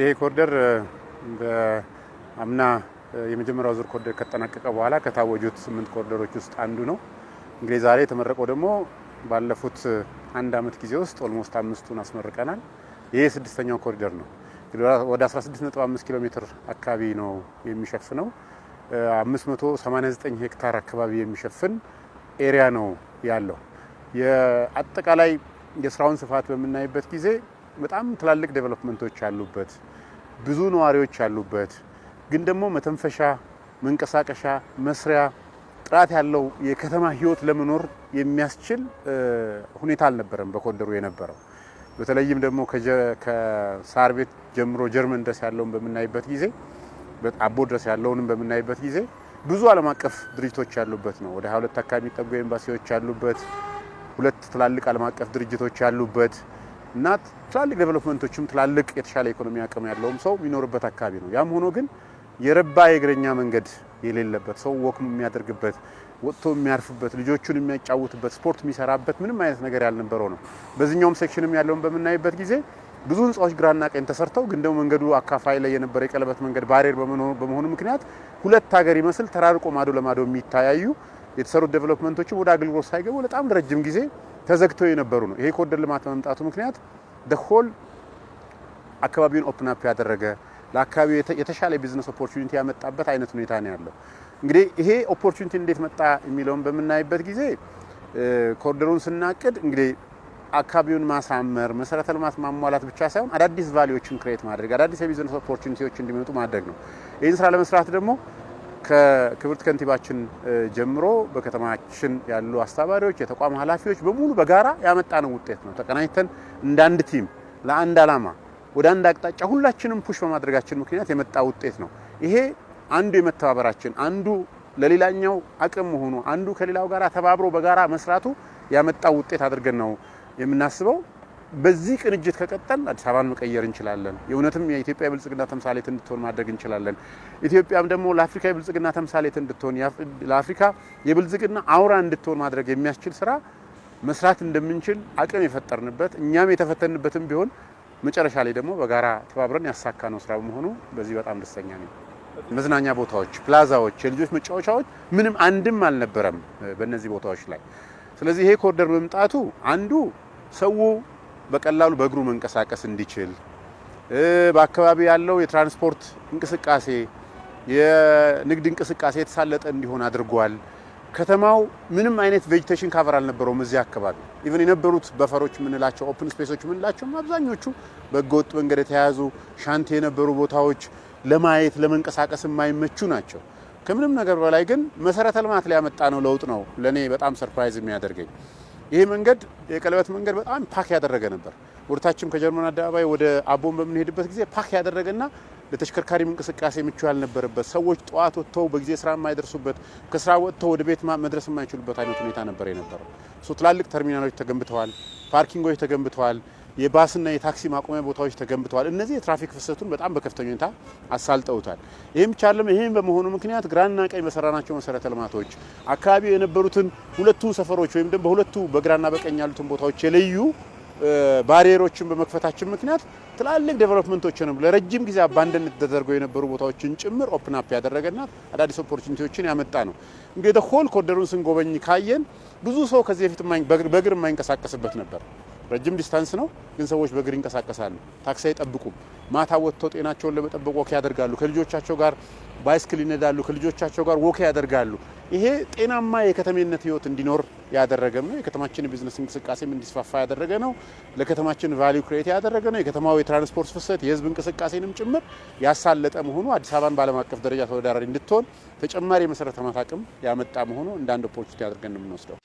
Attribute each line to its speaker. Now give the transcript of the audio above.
Speaker 1: ይሄ ኮሪደር በአምና የመጀመሪያው ዙር ኮሪደር ከተጠናቀቀ በኋላ ከታወጁት ስምንት ኮሪደሮች ውስጥ አንዱ ነው። እንግዲህ ዛሬ የተመረቀው ደግሞ ባለፉት አንድ አመት ጊዜ ውስጥ ኦልሞስት አምስቱን አስመርቀናል። ይህ ስድስተኛው ኮሪደር ነው። ወደ 16.5 ኪሎ ሜትር አካባቢ ነው የሚሸፍነው። 589 ሄክታር አካባቢ የሚሸፍን ኤሪያ ነው ያለው። የአጠቃላይ የስራውን ስፋት በምናይበት ጊዜ በጣም ትላልቅ ዴቨሎፕመንቶች ያሉበት ብዙ ነዋሪዎች ያሉበት ግን ደግሞ መተንፈሻ፣ መንቀሳቀሻ፣ መስሪያ ጥራት ያለው የከተማ ህይወት ለመኖር የሚያስችል ሁኔታ አልነበረም በኮንደሩ የነበረው። በተለይም ደግሞ ከሳር ቤት ጀምሮ ጀርመን ድረስ ያለውን በምናይበት ጊዜ አቦ ድረስ ያለውንም በምናይበት ጊዜ ብዙ ዓለም አቀፍ ድርጅቶች ያሉበት ነው። ወደ 22 አካባቢ የሚጠጉ ኤምባሲዎች ያሉበት፣ ሁለት ትላልቅ ዓለም አቀፍ ድርጅቶች ያሉበት እና ትላልቅ ዴቨሎፕመንቶችም ትላልቅ የተሻለ ኢኮኖሚ አቅም ያለውም ሰው የሚኖርበት አካባቢ ነው። ያም ሆኖ ግን የረባ የእግረኛ መንገድ የሌለበት ሰው ወክም የሚያደርግበት ወጥቶ የሚያርፍበት ልጆቹን የሚያጫውትበት ስፖርት የሚሰራበት ምንም አይነት ነገር ያልነበረው ነው። በዚህኛውም ሴክሽንም ያለውን በምናይበት ጊዜ ብዙ ህንፃዎች ግራና ቀኝ ተሰርተው ግን ደግሞ መንገዱ አካፋይ ላይ የነበረ የቀለበት መንገድ ባሬር በመሆኑ ምክንያት ሁለት ሀገር ይመስል ተራርቆ ማዶ ለማዶ የሚታያዩ የተሰሩት ዴቨሎፕመንቶችም ወደ አገልግሎት ሳይገቡ በጣም ረጅም ጊዜ ተዘግተው የነበሩ ነው። ይሄ ኮሪደር ልማት በመምጣቱ ምክንያት ሆል አካባቢውን ኦፕን አፕ ያደረገ ለአካባቢው የተሻለ ቢዝነስ ኦፖርቹኒቲ ያመጣበት አይነት ሁኔታ ነው ያለው። እንግዲህ ይሄ ኦፖርቹኒቲ እንዴት መጣ የሚለውን በምናይበት ጊዜ ኮሪደሩን ስናቅድ እንግዲህ አካባቢውን ማሳመር መሰረተ ልማት ማሟላት ብቻ ሳይሆን አዳዲስ ቫሊዎችን ክሬት ማድረግ አዳዲስ የቢዝነስ ኦፖርቹኒቲዎች እንዲመጡ ማድረግ ነው። ይህን ስራ ለመስራት ደግሞ ከክብርት ከንቲባችን ጀምሮ በከተማችን ያሉ አስተባባሪዎች፣ የተቋም ኃላፊዎች በሙሉ በጋራ ያመጣነው ውጤት ነው። ተቀናኝተን እንደ አንድ ቲም ለአንድ ዓላማ ወደ አንድ አቅጣጫ ሁላችንም ፑሽ በማድረጋችን ምክንያት የመጣ ውጤት ነው። ይሄ አንዱ የመተባበራችን አንዱ ለሌላኛው አቅም መሆኑ አንዱ ከሌላው ጋር ተባብሮ በጋራ መስራቱ ያመጣው ውጤት አድርገን ነው የምናስበው። በዚህ ቅንጅት ከቀጠል አዲስ አበባን መቀየር እንችላለን። የእውነትም የኢትዮጵያ የብልጽግና ተምሳሌት እንድትሆን ማድረግ እንችላለን። ኢትዮጵያም ደግሞ ለአፍሪካ የብልጽግና ተምሳሌት እንድትሆን ለአፍሪካ የብልጽግና አውራ እንድትሆን ማድረግ የሚያስችል ስራ መስራት እንደምንችል አቅም የፈጠርንበት እኛም የተፈተንበትም ቢሆን መጨረሻ ላይ ደግሞ በጋራ ተባብረን ያሳካ ነው ስራ በመሆኑ በዚህ በጣም ደስተኛ ነኝ። መዝናኛ ቦታዎች፣ ፕላዛዎች፣ የልጆች መጫወቻዎች ምንም አንድም አልነበረም በእነዚህ ቦታዎች ላይ። ስለዚህ ይሄ ኮሪደር መምጣቱ አንዱ ሰው በቀላሉ በእግሩ መንቀሳቀስ እንዲችል በአካባቢ ያለው የትራንስፖርት እንቅስቃሴ የንግድ እንቅስቃሴ የተሳለጠ እንዲሆን አድርጓል። ከተማው ምንም አይነት ቬጅቴሽን ካቨር አልነበረውም። እዚህ አካባቢ ኢቨን የነበሩት በፈሮች የምንላቸው ኦፕን ስፔሶች የምንላቸውም አብዛኞቹ በህገወጥ መንገድ የተያያዙ ሻንቲ የነበሩ ቦታዎች ለማየት ለመንቀሳቀስ የማይመቹ ናቸው። ከምንም ነገር በላይ ግን መሰረተ ልማት ላይ ያመጣ ነው ለውጥ ነው ለእኔ በጣም ሰርፕራይዝ የሚያደርገኝ ይሄ መንገድ የቀለበት መንገድ በጣም ፓክ ያደረገ ነበር። ወደታችም ከጀርመን አደባባይ ወደ አቦን በምንሄድበት ጊዜ ፓክ ያደረገና ለተሽከርካሪም እንቅስቃሴ ምቹ ያልነበረበት ሰዎች ጠዋት ወጥተው በጊዜ ስራ የማይደርሱበት ከስራ ወጥተው ወደ ቤት መድረስ የማይችሉበት አይነት ሁኔታ ነበር የነበረው። ትላልቅ ተርሚናሎች ተገንብተዋል። ፓርኪንጎች ተገንብተዋል። የባስና የታክሲ ማቆሚያ ቦታዎች ተገንብተዋል። እነዚህ የትራፊክ ፍሰቱን በጣም በከፍተኛ ሁኔታ አሳልጠውታል። ይህም ቻለም ይህም በመሆኑ ምክንያት ግራና ቀኝ በሰራናቸው መሰረተ ልማቶች አካባቢው የነበሩትን ሁለቱ ሰፈሮች ወይም ደግሞ በሁለቱ በግራና በቀኝ ያሉትን ቦታዎች የለዩ ባሪየሮችን በመክፈታችን ምክንያት ትላልቅ ዴቨሎፕመንቶችንም ለረጅም ጊዜ አባንደን ተደርገው የነበሩ ቦታዎችን ጭምር ኦፕን አፕ ያደረገና አዳዲስ ኦፖርቹኒቲዎችን ያመጣ ነው። እንግዲህ ሆል ኮደሩን ስንጎበኝ ካየን ብዙ ሰው ከዚህ በፊት በእግር የማይንቀሳቀስበት ነበር። ረጅም ዲስታንስ ነው፣ ግን ሰዎች በእግር ይንቀሳቀሳሉ። ታክሲ አይጠብቁም። ማታ ወጥተው ጤናቸውን ለመጠበቅ ወክ ያደርጋሉ። ከልጆቻቸው ጋር ባይስክል ይነዳሉ። ከልጆቻቸው ጋር ወክ ያደርጋሉ። ይሄ ጤናማ የከተሜነት ህይወት እንዲኖር ያደረገም ነው። የከተማችን ቢዝነስ እንቅስቃሴም እንዲስፋፋ ያደረገ ነው። ለከተማችን ቫሊዩ ክሬት ያደረገ ነው። የከተማው የትራንስፖርት ፍሰት የህዝብ እንቅስቃሴንም ጭምር ያሳለጠ መሆኑ አዲስ አበባን በዓለም አቀፍ ደረጃ ተወዳዳሪ እንድትሆን ተጨማሪ የመሰረተ ልማት አቅም ያመጣ መሆኑ እንደ አንድ ኦፖርቹኒቲ አድርገን የምንወስደው።